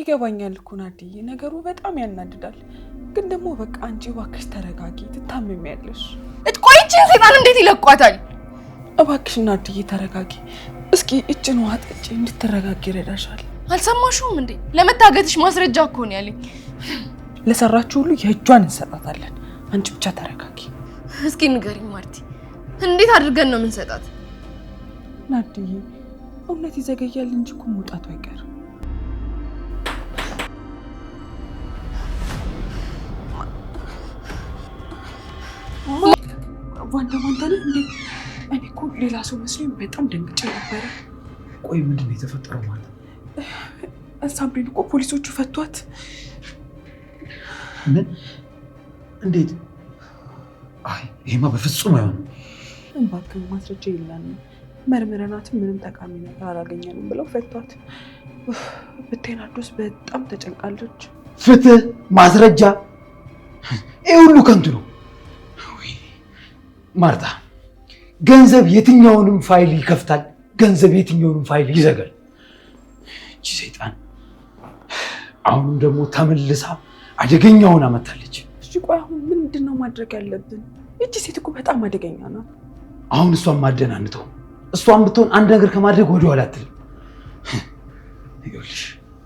ይገባኛል እኮ ናድዬ፣ ነገሩ በጣም ያናድዳል። ግን ደግሞ በቃ አንቺ እባክሽ ተረጋጊ፣ ትታመሚያለሽ። እጥቆይችን ሴጣን እንዴት ይለቋታል? እባክሽ ናድዬ ተረጋጊ። እስኪ እጭን ውሃ ጠጪ፣ እንድትረጋጊ ይረዳሻል። አልሰማሽውም እንዴ? ለመታገትሽ ማስረጃ እኮ ነው ያለኝ። ለሰራችሁ ሁሉ የእጇን እንሰጣታለን። አንቺ ብቻ ተረጋጊ። እስኪ ንገሪኝ ማርቲ፣ እንዴት አድርገን ነው የምንሰጣት? ናድዬ፣ እውነት ይዘገያል እንጂ እኮ መውጣቱ አይቀርም። ዋንዳ ዋንዳ ነው እንዴ? እኔ እኮ ሌላ ሰው መስሎኝ በጣም ደንግጬ ነበረ። ቆይ ምንድን ነው የተፈጠረው? ማለት ሳምሪን እኮ ፖሊሶቹ ፈቷት። ምን? እንዴት? አይ ይሄማ በፍጹም አይሆንም። እባክህ ማስረጃ የለንም፣ መርምረናትም ምንም ጠቃሚ ነገር አላገኘንም ብለው ፈቷት። ብታይ ዱስ በጣም ተጨንቃለች። ፍትህ፣ ማስረጃ፣ ይህ ሁሉ ከንቱ ነው። ማርታ፣ ገንዘብ የትኛውንም ፋይል ይከፍታል። ገንዘብ የትኛውንም ፋይል ይዘጋል። እቺ ሰይጣን አሁንም ደግሞ ተመልሳ አደገኛውን አመታለች። እሺ ቆይ አሁን ምንድን ነው ማድረግ ያለብን? እቺ ሴት እኮ በጣም አደገኛ ነው? አሁን እሷን ማደናንተው እሷን ብትሆን አንድ ነገር ከማድረግ ወደኋላ አትልም። ይኸውልሽ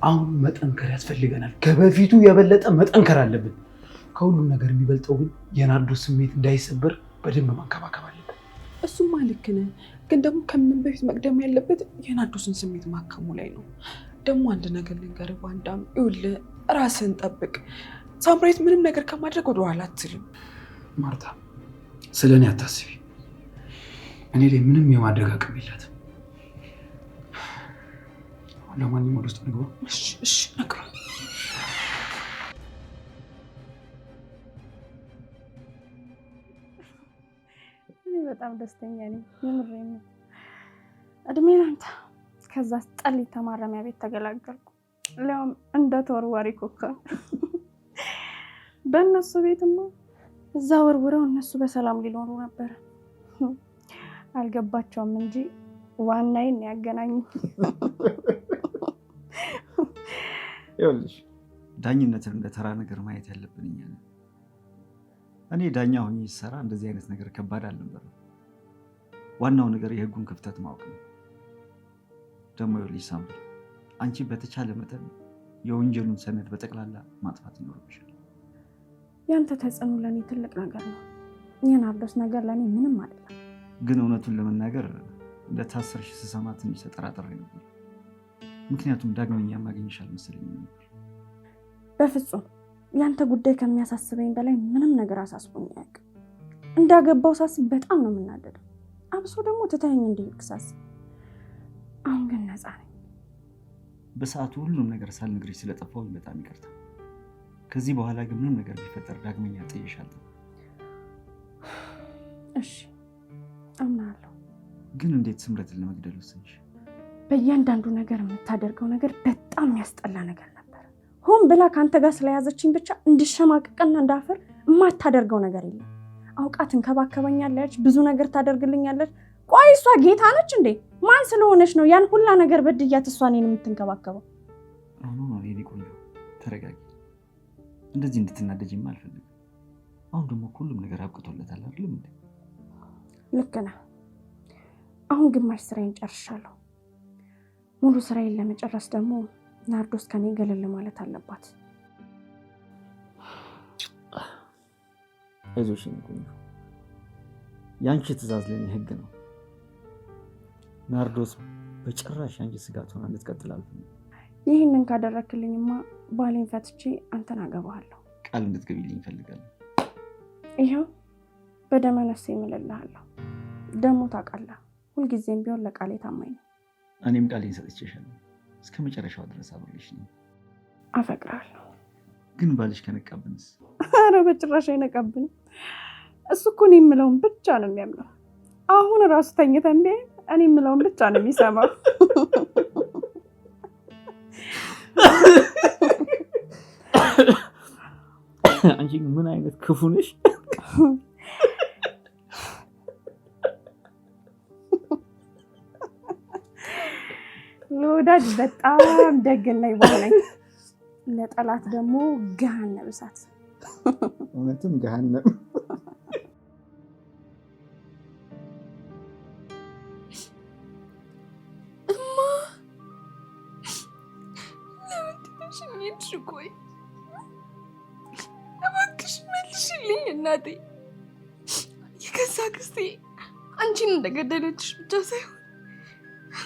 አሁን መጠንከር ያስፈልገናል። ከበፊቱ የበለጠ መጠንከር አለብን። ከሁሉም ነገር የሚበልጠው ግን የናርዶ ስሜት እንዳይሰበር በደንብ መንከባከብ አለብን። እሱማ ልክ ነህ፣ ግን ደግሞ ከምንም በፊት መቅደም ያለበት የናዶስን ስሜት ማከሙ ላይ ነው። ደግሞ አንድ ነገር ልንገርህ ባንዳም፣ ይኸውልህ ራስህን ጠብቅ። ሳምራዊት ምንም ነገር ከማድረግ ወደ ኋላ አትልም። ማርታ፣ ስለ እኔ አታስቢ። እኔ ላይ ምንም የማድረግ አቅም የላትም። ለማንኛውም ወደ ውስጥ ንግባ። እሺ፣ እሺ፣ ነግሯል በጣም ደስተኛ ነኝ። የምሬ ነው። እድሜ ናንተ። ከዛ ጠልይ ተማረሚያ ቤት ተገላገልኩ። ሊያውም እንደ ተወርዋሪ ኮካ በእነሱ ቤትማ እዛ ወርውረው እነሱ በሰላም ሊኖሩ ነበር። አልገባቸውም እንጂ ዋናዬን ያገናኙ። ይኸውልሽ ዳኝነትን እንደ ተራ ነገር ማየት ያለብን እኛ ነን። እኔ ዳኛ ሆኜ ስሰራ እንደዚህ አይነት ነገር ከባድ አልነበረም። ዋናው ነገር የህጉን ክፍተት ማወቅ ነው። ደግሞ ሊሳምብል አንቺ በተቻለ መጠን የወንጀሉን ሰነድ በጠቅላላ ማጥፋት ይኖርብሻል። ያንተ ተጽዕኖ ለእኔ ትልቅ ነገር ነው። አብዶስ ነገር ለእኔ ምንም አይደለም። ግን እውነቱን ለመናገር እንደ ስሰማ ትንሽ ተጠራጥሬ ነበር። ምክንያቱም ዳግመኛ ማግኘሽ አልመሰለኝም ነበር። በፍጹም ያንተ ጉዳይ ከሚያሳስበኝ በላይ ምንም ነገር አሳስቦኝ አያውቅም። እንዳገባው ሳስብ በጣም ነው የምናደደው። አብሶ ደግሞ ትታኝ እንዲልቅሳስ አሁን ግን ነፃ ነኝ። በሰዓቱ ሁሉም ነገር ሳልነግርሽ ስለጠፋሁኝ በጣም ይቅርታ። ከዚህ በኋላ ግን ምንም ነገር ቢፈጠር ዳግመኛ ጠይሻለሁ። እሺ አምናለሁ። ግን እንዴት ስምረትን ለመግደል ወሰንሽ? በእያንዳንዱ ነገር የምታደርገው ነገር በጣም የሚያስጠላ ነገር ነበር። ሆን ብላ ከአንተ ጋር ስለያዘችኝ ብቻ እንድሸማቅቅና እንዳፈር የማታደርገው ነገር የለም። አውቃ ትንከባከበኛለች፣ ብዙ ነገር ታደርግልኛለች። ቆይ እሷ ጌታ ነች እንዴ? ማን ስለሆነች ነው ያን ሁላ ነገር በድያት እሷ እኔን የምትንከባከበው? የኔ ቆንጆ ተረጋጊ። እንደዚህ እንድትናደጅም አልፈልግም። አሁን ደግሞ ሁሉም ነገር አብቅቶለታል አይደለም እንዴ? ልክ ነህ። አሁን ግማሽ ስራዬን ጨርሻለሁ። ሙሉ ስራዬን ለመጨረስ ደግሞ ናርዶስ ከኔ ገለል ማለት አለባት። አይዞሽ የኔ ቆንጆ፣ የአንቺ ትእዛዝ ለእኔ ህግ ነው። ናርዶስ በጭራሽ የአንቺ ስጋት ሆና እንድትቀጥላል ይህንን ካደረክልኝማ ባሌን ፈትቼ አንተን አገባሃለሁ። ቃል እንድትገቢልኝ እፈልጋለሁ። ይኸው በደመ ነፍሴ ደሞ ደግሞ ታውቃለህ፣ ሁልጊዜም ቢሆን ለቃሌ ታማኝ ነው። እኔም ቃሌን ሰጥቼሻለሁ። እስከ መጨረሻው ድረስ አብሬሽ ነው። አፈቅራለሁ። ግን ባልሽ ከነቃብንስ? ኧረ በጭራሽ አይነቃብንም። እሱ እኮ እኔ የምለውን ብቻ ነው የሚያምነው። አሁን እራሱ ተኝተን ቢያይ እኔ የምለውን ብቻ ነው የሚሰማው። አንቺ ምን አይነት ክፉ ነሽ? ለወዳጅ በጣም ደግና ይባል ለጠላት ደግሞ ገሃነመ እሳት እውነትም ገሃነም ቆይ እባክሽ እናቴ የገዛ ክስቴ አንቺን እንደገደለችሽ ብቻ ሳይሆን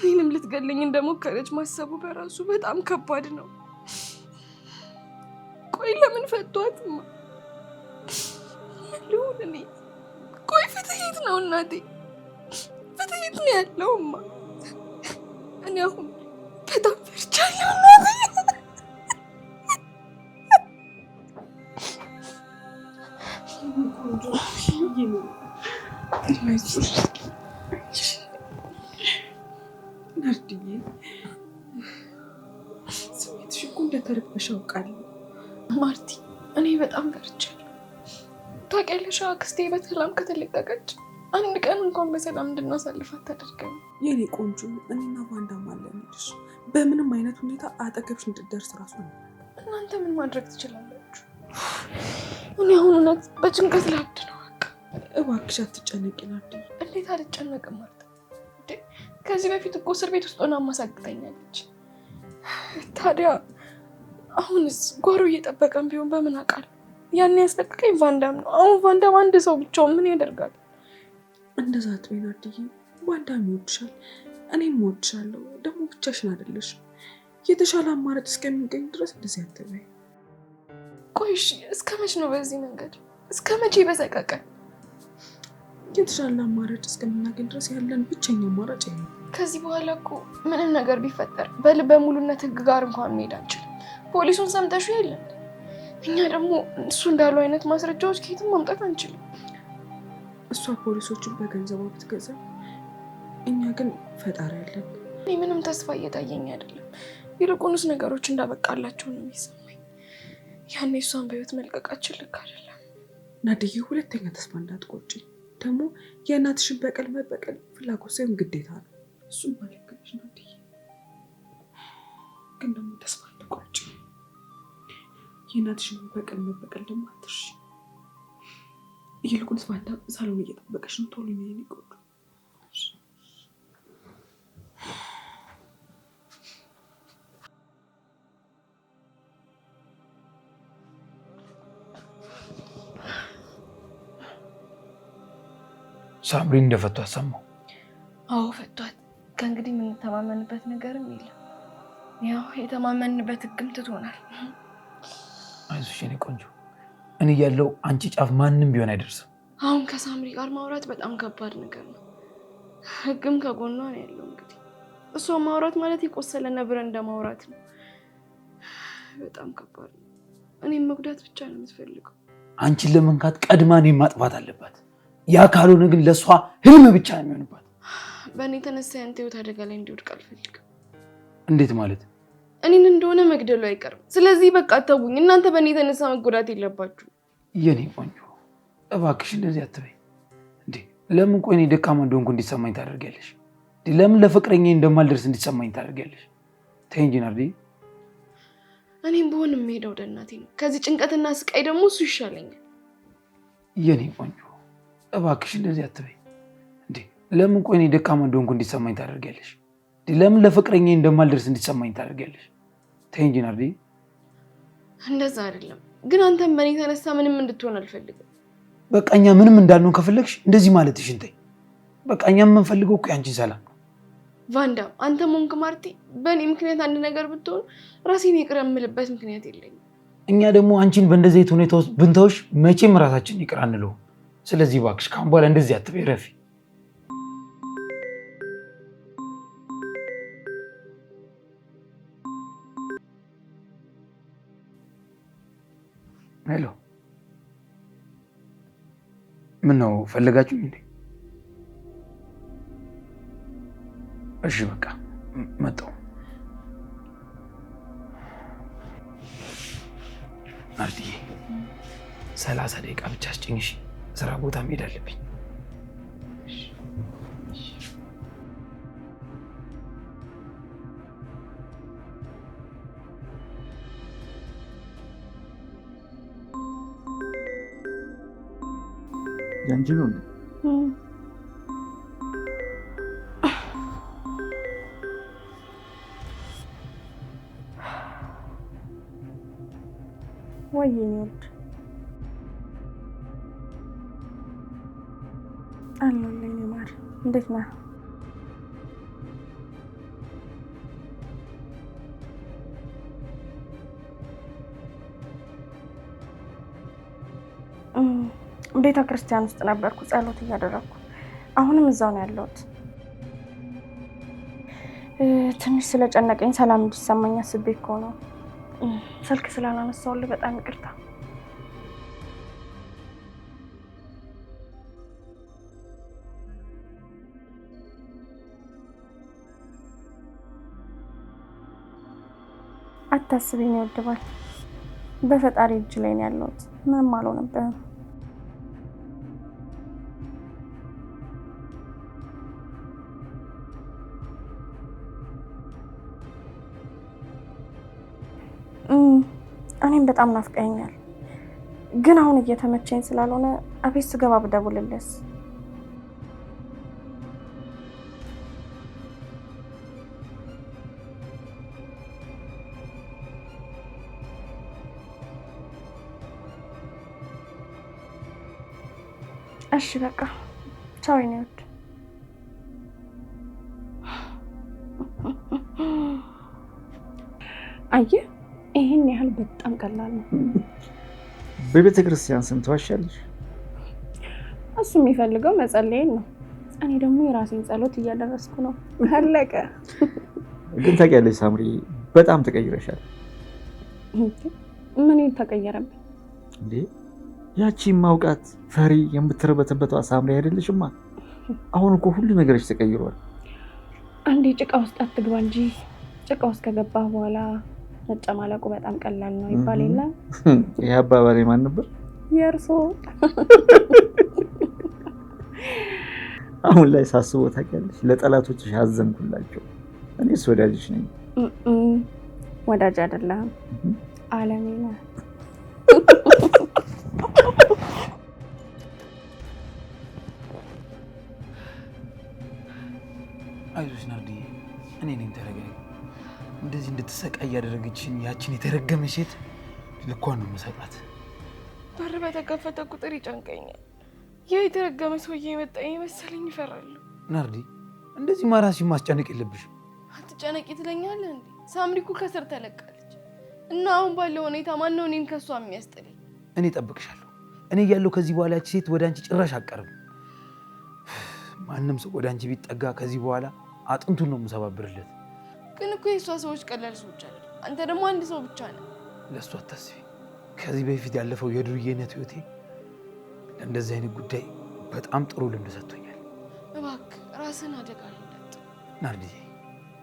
እኔንም ልትገለኝ እንደሞከረች ማሰቡ በራሱ በጣም ከባድ ነው ቆይ ለምን ፈቷትማ ልሁንልኝ። ቆይ ፍትህ ነው እናቴ? ፍትህ ነው ያለውማ? እኔ አሁን በጣም ፈርቻለሁ እናቴ። ናርድዬ ስሜትሽ እኮ እንደተረበሽ አውቃለሁ ማርቲ። እኔ በጣም ፈርቻለሁ። ታውቂያለሽ አክስቴ በሰላም ከተለቀቀች አንድ ቀን እንኳን በሰላም እንድናሳልፋት አታደርገም። የኔ ቆንጆ እኔና ባንዳ ማለንሽ በምንም አይነት ሁኔታ አጠገብሽ እንድደርስ ራሱ እናንተ ምን ማድረግ ትችላላችሁ? እኔ አሁን እውነት በጭንቀት ላድ ነው። እባክሽ አትጨነቂ። ናድ እንዴት አልጨነቅም? ማርታ ከዚህ በፊት እኮ እስር ቤት ውስጥ ሆና አማሳግተኛለች። ታዲያ አሁንስ ጓሮ እየጠበቀን ቢሆን በምን አውቃለሁ ያን ያስለቀቀኝ ቫንዳም ነው። አሁን ቫንዳም አንድ ሰው ብቻው ምን ያደርጋል? እንደዛ አትበይን አድዬ። ቫንዳም ይወድሻል፣ እኔም ወድሻለሁ። ደግሞ ብቻሽን አደለሽ። የተሻለ አማራጭ እስከሚገኝ ድረስ እንደዚህ አትበይ። ቆይሽ እስከ መች ነው በዚህ መንገድ እስከ መቼ በሰቀቀን? የተሻለ አማራጭ እስከምናገኝ ድረስ ያለን ብቸኛ አማራጭ ነ ነው። ከዚህ በኋላ እኮ ምንም ነገር ቢፈጠር በልበ ሙሉነት ህግ ጋር እንኳን መሄድ አንችልም። ፖሊሱን ሰምተሹ የለን እኛ ደግሞ እሱ እንዳሉ አይነት ማስረጃዎች ከየትም ማምጣት አንችልም። እሷ ፖሊሶችን በገንዘቧ ብትገዛ፣ እኛ ግን ፈጣሪ ያለን። እኔ ምንም ተስፋ እየታየኝ አይደለም። ይልቁንስ ነገሮች እንዳበቃላቸው ነው የሚሰማኝ። ያኔ እሷን በህይወት መልቀቃችን ልክ አይደለም። ናድዬ፣ ሁለተኛ ተስፋ እንዳትቆጪ። ደግሞ የእናትሽን በቀል መበቀል ፍላጎት ሳይሆን ግዴታ ነው። እሱም ባለገች ናድዬ፣ ግን ደግሞ ተስፋ አትቆጪ። የእናትሽን በቀል መበቀል ደግሞ አትርሽ። ይልቁንስ ማዳ ሳሎን እየጠበቀሽ ነው። ቶሎ የሚሄድ ይቆሉ ሳምሪን እንደፈቷት ሰማሁ። አዎ ፈቷት። ከእንግዲህ የምንተማመንበት ነገርም የለም። ያው የተማመንበት ህግም ትቶናል። አይዞሽ የኔ ቆንጆ፣ እኔ ያለው አንቺ ጫፍ ማንም ቢሆን አይደርስም። አሁን ከሳምሪ ጋር ማውራት በጣም ከባድ ነገር ነው። ህግም ከጎኗ ነው ያለው። እንግዲህ እሷ ማውራት ማለት የቆሰለ ነብረ እንደ ማውራት ነው። በጣም ከባድ ነው። እኔም መጉዳት ብቻ ነው የምትፈልገው። አንቺን ለመንካት ቀድማ እኔን ማጥፋት አለባት። ያ ካልሆነ ግን ለእሷ ህልም ብቻ ነው የሚሆንባት። በእኔ የተነሳ ያንተ ህይወት አደጋ ላይ እንዲወድቅ አልፈልግም። እንዴት ማለት እኔን እንደሆነ መግደሉ አይቀርም። ስለዚህ በቃ ተውኝ። እናንተ በእኔ የተነሳ መጎዳት የለባችሁ። የኔ ቆንጆ እባክሽ እንደዚህ አትበይ። ለምን ቆይ እኔ ደካማ እንደሆንኩ እንዲሰማኝ ታደርጊያለሽ? ለምን ለፍቅረኛ እንደማልደርስ እንዲሰማኝ ታደርጊያለሽ? ተይ እንጂ ናርዲ። እኔም ብሆን የምሄደው ወደ እናቴ ነው። ከዚህ ጭንቀትና ስቃይ ደግሞ እሱ ይሻለኛል። የኔ ቆንጆ እባክሽ እንደዚህ አትበይ። ለምን ቆይ እኔ ደካማ እንደሆንኩ እንዲሰማኝ ታደርጊያለሽ? ለምን ለፍቅረኛ እንደማልደርስ እንዲሰማኝ ታደርጊያለሽ? ተይ እንጂ ናርዲ። እንደዛ አይደለም ግን አንተም በእኔ የተነሳ ምንም እንድትሆን አልፈልግም። በቃ እኛ ምንም እንዳልሆን ከፈለግሽ እንደዚህ ማለትሽን ተይ። በቃ እኛም የምንፈልገው እኮ ያንቺን ሰላም ነው። ቫንዳም አንተ ሆንክ ማርቲ በእኔ ምክንያት አንድ ነገር ብትሆን ራሴን ይቅር የምልበት ምክንያት የለኝም። እኛ ደግሞ አንቺን በእንደዚህ ሁኔታ ውስጥ ብንተውሽ መቼም ራሳችን ይቅር አንለውም። ስለዚህ እባክሽ ካሁን በኋላ እንደዚህ አትበይ ረፊ ሄሎ፣ ምን ነው ፈለጋችሁ እንዴ? እሺ በቃ መጣሁ። ናርዲዬ ሰላሳ ደቂቃ ብቻ አስጭኝ። ስራ ቦታ መሄድ አለብኝ። టెన్షన్ ఉంది Why you not? अल्लाह नहीं मार देखना Mm. ቤተ ክርስቲያን ውስጥ ነበርኩ ጸሎት እያደረግኩ። አሁንም እዛው ነው ያለሁት። ትንሽ ስለጨነቀኝ ሰላም እንዲሰማኝ አስቤ እኮ ነው። ስልክ ስላላነሳሁልህ በጣም ይቅርታ። አታስቢኝ ይወድባል። በፈጣሪ እጅ ላይ ነው ያለሁት። ምንም አልሆነብህም። እኔም በጣም ናፍቀኛል ግን አሁን እየተመቸኝ ስላልሆነ አቤት ስገባ ብደውልልስ? እሺ በቃ ቀላል ነው። በቤተ ክርስቲያን ስንት ዋሻለሽ? እሱ የሚፈልገው መጸለይን ነው። እኔ ደግሞ የራሴን ጸሎት እያደረስኩ ነው። አለቀ። ግን ታውቂያለሽ ሳምሪ፣ በጣም ተቀይረሻል። ምን ተቀየረብኝ እንዴ? ያቺ ማውቃት ፈሪ የምትረበትበት ሳምሪ አይደለሽማ። አሁን እኮ ሁሉ ነገሮች ተቀይሯል። አንዴ ጭቃ ውስጥ አትግባ እንጂ ጭቃ ውስጥ ከገባ በኋላ ነጭ ማለቁ በጣም ቀላል ነው ይባል የለም። ይህ አባባል ማን ነበር? የእርሶ። አሁን ላይ ሳስቦ ታውቂያለሽ፣ ለጠላቶች አዘንኩላቸው። እኔስ ወዳጅሽ ነኝ። ወዳጅ አይደለህም፣ አለሜ ነህ። አይዞሽ ናርዲዬ፣ እኔ ነኝ። ተረጋጊ እንደዚህ እንድትሰቃይ እያደረገችን ያችን የተረገመ ሴት ልኳን ነው የምሰጣት። በር በተከፈተ ቁጥር ይጨንቀኛል። ያ የተረገመ ሰውዬ የመጣ መሰለኝ ይፈራሉ። ናርዲ፣ እንደዚህ ማራሲ ማስጨነቅ የለብሽ። አትጨነቂ ትለኛለህ እንዴ? ሳምሪ እኮ ከስር ተለቃለች እና አሁን ባለው ሁኔታ ማነው እኔን ከሷ የሚያስጥልኝ? እኔ ጠብቅሻለሁ። እኔ እያለሁ ከዚህ በኋላ ያቺ ሴት ወደ አንቺ ጭራሽ አቀርብ። ማንም ሰው ወደ አንቺ ቢጠጋ ከዚህ በኋላ አጥንቱን ነው የምሰባብርለት። ግን እኮ የእሷ ሰዎች ቀላል ሰዎች አለ። አንተ ደግሞ አንድ ሰው ብቻ ነው። ለእሷ አታስቢ። ከዚህ በፊት ያለፈው የድርዬነት ህይወቴ ለእንደዚህ አይነት ጉዳይ በጣም ጥሩ ልምድ ሰጥቶኛል። እባክ ራስን አደጋ ላይዳጥ። ናርዲዬ፣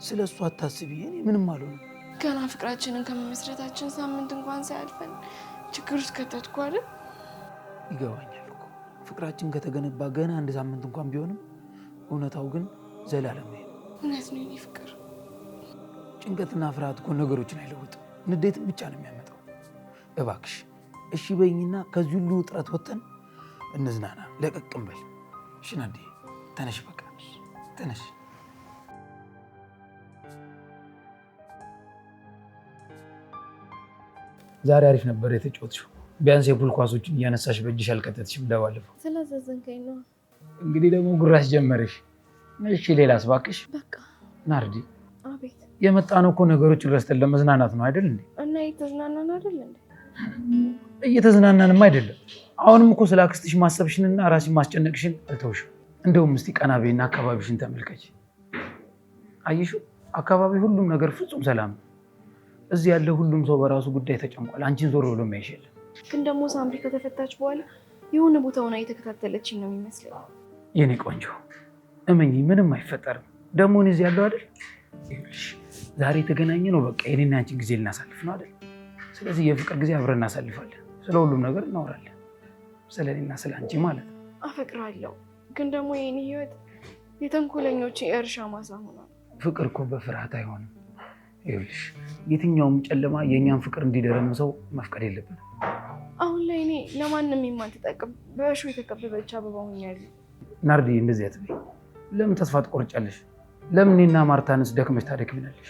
ስለ እሷ አታስቢ። እኔ ምንም አልሆንም። ገና ፍቅራችንን ከመመስረታችን ሳምንት እንኳን ሳያልፈን ችግር ውስጥ ከተትኩ አይደል? ይገባኛል እኮ ፍቅራችን ከተገነባ ገና አንድ ሳምንት እንኳን ቢሆንም እውነታው ግን ዘላለም ነው። እውነት ነው የእኔ ፍቅር ጭንቀትና ፍርሃት እኮ ነገሮችን አይለውጥም፣ ንዴትን ብቻ ነው የሚያመጣው። እባክሽ እሺ በይኝና ከዚህ ሁሉ ውጥረት ወጥተን እንዝናና፣ ለቀቅም በል ሽናዴ፣ ተነሽ፣ በቃ ተነሽ። ዛሬ አሪፍ ነበር የተጫወትሽው። ቢያንስ የፑል ኳሶችን እያነሳሽ በእጅሽ አልቀጠትሽም እንደባለፈው። ስለዘዘንከኝ ነው። እንግዲህ ደግሞ ጉራሽ ጀመረሽ። እሺ ሌላስ? እባክሽ በቃ ናርዲ የመጣ ነው እኮ ነገሮችን ረስተን ለመዝናናት ነው አይደል? እንዴ እና እየተዝናናን አይደል? እንዴ እየተዝናናንም አይደለም። አሁንም እኮ ስለ አክስትሽ ማሰብሽንና ራስሽን ማስጨነቅሽን አልተውሽም። እንደውም እስቲ ቀና በይና አካባቢሽን ተመልከች። አየሹ አካባቢ ሁሉም ነገር ፍጹም ሰላም ነው። እዚህ ያለ ሁሉም ሰው በራሱ ጉዳይ ተጨንቋል። አንቺን ዞር ብሎ የሚያይሽ የለም። ግን ደግሞ ሳምሪ ከተፈታች በኋላ የሆነ ቦታ ሆና እየተከታተለችኝ ነው የሚመስለው። የኔ ቆንጆ እመኚ፣ ምንም አይፈጠርም። ደግሞ እኔ እዚህ ያለው አይደል ዛሬ የተገናኘ ነው። በቃ የኔና ያንቺ ጊዜ ልናሳልፍ ነው አይደል? ስለዚህ የፍቅር ጊዜ አብረን እናሳልፋለን። ስለ ሁሉም ነገር እናወራለን። ስለ እኔና ስለ አንቺ ማለት ነው። አፈቅራለሁ፣ ግን ደግሞ የኔ ህይወት የተንኮለኞች የእርሻ ማሳ ሆኗል። ፍቅር እኮ በፍርሃት አይሆንም። ይኸውልሽ፣ የትኛውም ጨለማ የእኛን ፍቅር እንዲደረም ሰው መፍቀድ የለብን። አሁን ላይ እኔ ለማንም የማልተጠቅም በእሾ የተከበበች አበባ ሆኛለሁ። ናርዲ፣ እንደዚህ አትበይ። ለምን ተስፋ ትቆርጫለሽ? ለምን እኔና ማርታንስ ደክመሽ ታደክሚናለሽ?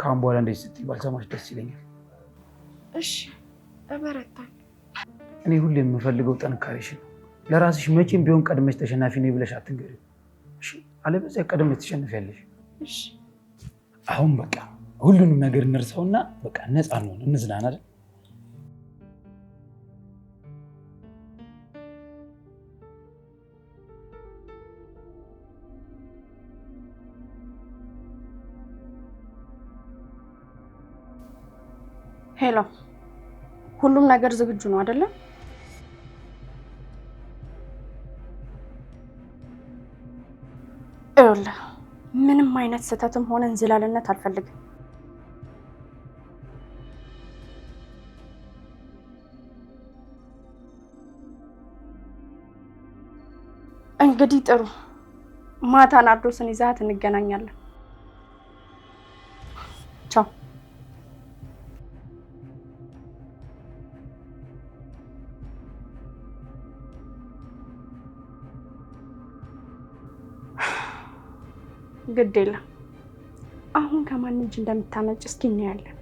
ከአሁን በኋላ እንደዚህ ስትይ ባልሰማሽ ደስ ይለኛል። እሺ እበረታለሁ። እኔ ሁሌ የምፈልገው ጠንካሬሽን ነው። ለራስሽ መቼም ቢሆን ቀድመሽ ተሸናፊ ነኝ ብለሽ አትንገሪ፣ እሺ፣ አለበዚያ ቀድመሽ ትሸንፊያለሽ። እሺ፣ አሁን በቃ ሁሉንም ነገር እንርሳውና በቃ ነፃ እንሆን፣ እንዝናና አይደል? ሄሎ፣ ሁሉም ነገር ዝግጁ ነው አይደለም? ይኸውልህ ምንም አይነት ስህተትም ሆነ እንዝላልነት አልፈልግም። እንግዲህ ጥሩ፣ ማታ ናርዶስን ይዛት እንገናኛለን። ግድ የለም። አሁን ከማን እጅ እንደምታመጭ እስኪ እናያለን።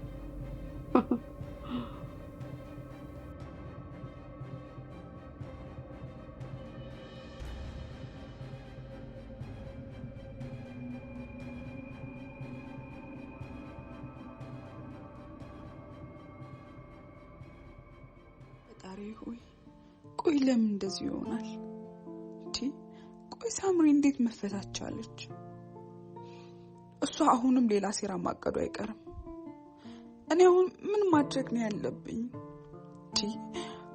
ፈጣሪ ሆይ፣ ቆይ ለምን እንደዚህ ይሆናል? ቆይ ሳምሪ እንዴት መፈታቻለች? አሁንም ሌላ ሴራ ማቀዱ አይቀርም። እኔ አሁን ምን ማድረግ ነው ያለብኝ?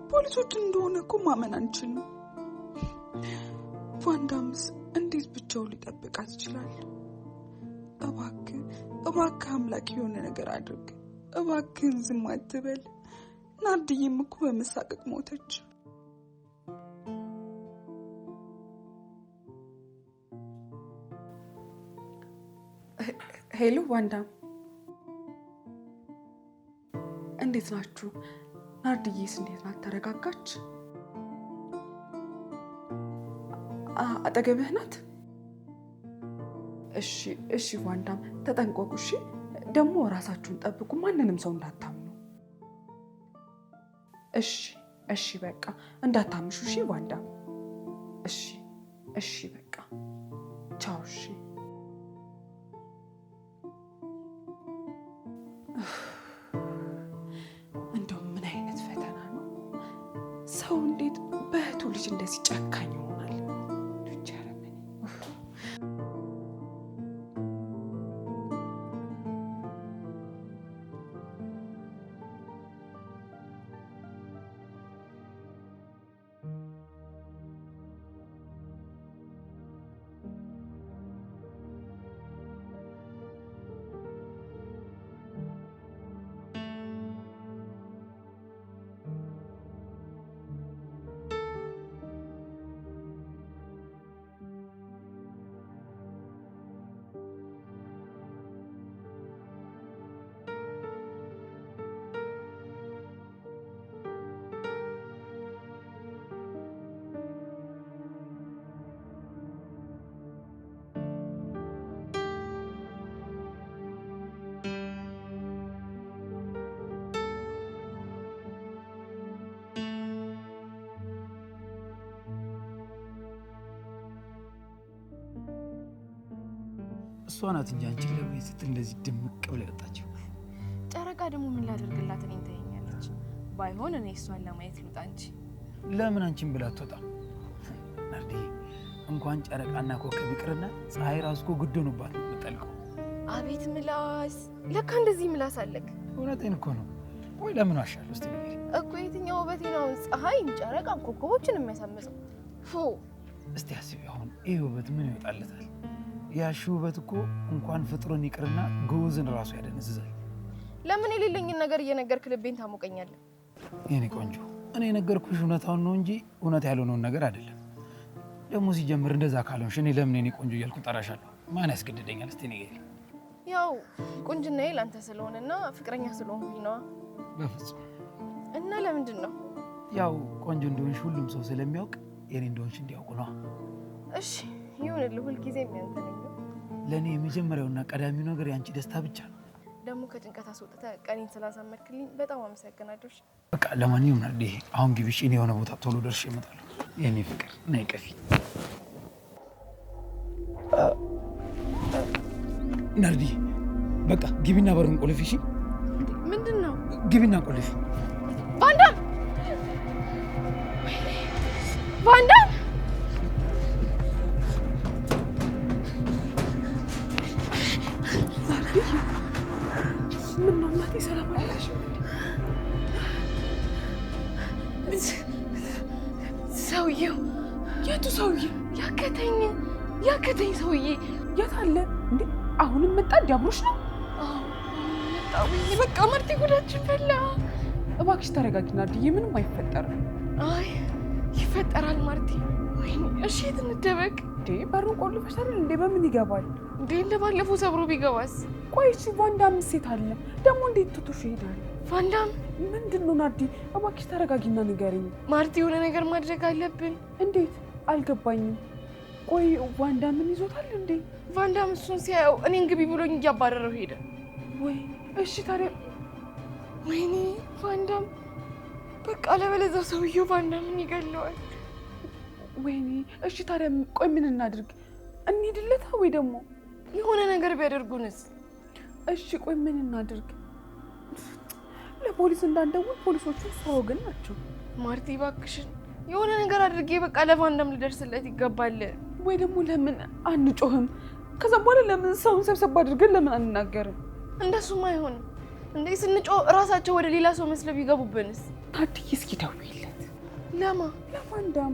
ፖሊሶች እንደሆነ እኮ ማመን አንችልም። ቫንዳምስ እንዴት ብቻውን ሊጠብቃት ይችላል? እባክ እባክ አምላክ የሆነ ነገር አድርግ። እባክን ዝም አትበል። ናርድዬም እኮ በመሳቀቅ ሞተች። ሄሎ ዋንዳ፣ እንዴት ናችሁ? ናርድዬስ እንዴት ናት? ተረጋጋች? አጠገብህ ናት? እሺ፣ እሺ ዋንዳም ተጠንቀቁ። እሺ፣ ደግሞ ራሳችሁን ጠብቁ። ማንንም ሰው እንዳታምኑ። እሺ፣ እሺ፣ በቃ እንዳታምሹ። እሺ ዋንዳም፣ እሺ፣ እሺ፣ በቃ እንደዚህ ጨካኝ እሷ ናት እንጂ አንቺ ለምን ስትል እንደዚህ ድምቅ ብላ የወጣችው። ጨረቃ ደግሞ ምን ላደርግላት እኔን ተይኛለች። ባይሆን እኔ እሷን ለማየት ልውጣ እንጂ ለምን አንቺን ብላ አትወጣም? ናርዲ እንኳን ጨረቃና ኮከብ ይቅርና ፀሐይ ራሱ እኮ ግድ ሆኖባት ነው የምጠልቀው። አቤት ምላስ! ለካ እንደዚህ ምላስ አለክ። እውነቴን እኮ ነው። ወይ ለምን አሻል ውስጥ እኮ የትኛው ውበቴ ነው ፀሐይን፣ ጨረቃን፣ ኮከቦችን የሚያሳምጸው? ፎ እስቲ አስቢ፣ አሁን ይህ ውበት ምን ይወጣለታል? ያሺ ውበት እኮ እንኳን ፍጥሩን ይቅርና ግዑዝን ራሱ ያደነዝዛል። ለምን የሌለኝን ነገር እየነገርክ ልቤን ታሞቀኛለህ? የኔ ቆንጆ እኔ የነገርኩሽ እውነታውን ነው እንጂ እውነት ያልሆነውን ነገር አይደለም። ደግሞ ሲጀምር እንደዛ ካልሆንሽ እኔ ለምን የኔ ቆንጆ እያልኩ ጠራሻለሁ? ማን ያስገድደኛል? እስቲ ንገሪኝ። ያው ቁንጅናዬ ላንተ ስለሆነና ፍቅረኛ ስለሆንኩኝ ነዋ። በፍጹም እና ለምንድን ነው? ያው ቆንጆ እንደሆንሽ ሁሉም ሰው ስለሚያውቅ የኔ እንደሆንሽ እንዲያውቁ ነዋ። እሺ ይሁንልህ። ሁልጊዜ የሚያንተ ነገር ለእኔ የመጀመሪያውና ቀዳሚው ነገር የአንቺ ደስታ ብቻ ነው። ደግሞ ከጭንቀት አስወጥተህ ቀኔን ስላሳመድክልኝ በጣም አመሰግናለሁ። በቃ ለማንኛውም ናዴ አሁን ግቢሽ፣ እኔ የሆነ ቦታ ቶሎ ደርሼ እመጣለሁ። የኔ ፍቅር ነይ ቀፊ ናርዲ በቃ ግቢና በሩን ቆልፊ። እሺ ምንድን ነው? ግቢና ቆልፊ። ባንዳ ባንዳ ሰላም አለሽ? ሰውዬው የቱ ሰውዬ? ያከተኝ ያከተኝ ሰውዬ የት አለ እንዴ? አሁንም መጣ። ዲያብሎሽ ነው በቃ። መርቴ ጉዳችን ፈላ። እባክሽ ተረጋጊና ድዬ፣ ምንም አይፈጠርም። አይ ይፈጠራል ማርቴ እሺ የት እንደበቅ እንዴ? በሩን ቆልፈሽ አይደል እንዴ? በምን ይገባል እንዴ? እንደባለፈው ሰብሮ ቢገባስ? ቆይ እሺ ቫንዳም ሴት አለ ደግሞ እንዴት ትቶሽ ይሄዳል? ቫንዳም ምንድን ነው ናዲ? እባክሽ ተረጋጊና ንገሪኝ። ማርቲ የሆነ ነገር ማድረግ አለብን። እንዴት? አልገባኝም። ቆይ ቫንዳምን ይዞታል እንዴ? ቫንዳም እሱን ሲያየው እኔን ግቢ ብሎኝ እያባረረው ሄደ። ወይ እሺ ታዲያ ወይኔ ቫንዳም በቃ ለበለዛ ሰውዬው ቫንዳምን ይገለዋል። ወይኔ እሺ ታዲያ ቆይ ምን እናድርግ? እንሂድለታ ወይ ደግሞ የሆነ ነገር ቢያደርጉንስ? እሺ ቆይ ምን እናድርግ? ለፖሊስ እንዳንደውል ፖሊሶቹ ሰው ግን ናቸው። ማርቲ እባክሽን የሆነ ነገር አድርጌ በቃ ለቫንዳም ልደርስለት ይገባል። ወይ ደግሞ ለምን አንጮህም? ከዛ በኋላ ለምን ሰውን ሰብሰብ አድርገን ለምን አንናገርም? እንደሱም አይሆንም እንዴ ስንጮህ እራሳቸው ወደ ሌላ ሰው መስለው ቢገቡብንስ? ታድዬ እስኪ ደውይለት። ለማ ለቫንዳም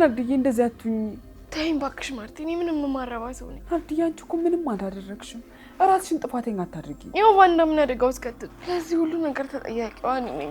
ግን አብድዬ እንደዚህ አትሁኝ። ተይኝ እባክሽ ማርቲ፣ እኔ ምንም የማረባ ሰው ነኝ። አብድዬ አንቺ እኮ ምንም አላደረግሽም። እራስሽን ጥፋተኛ አታድርጊ። ይኸው ምን አደጋ ውስጥ ከትል። ለዚህ ሁሉ ነገር ተጠያቂዋ እኔ ነኝ።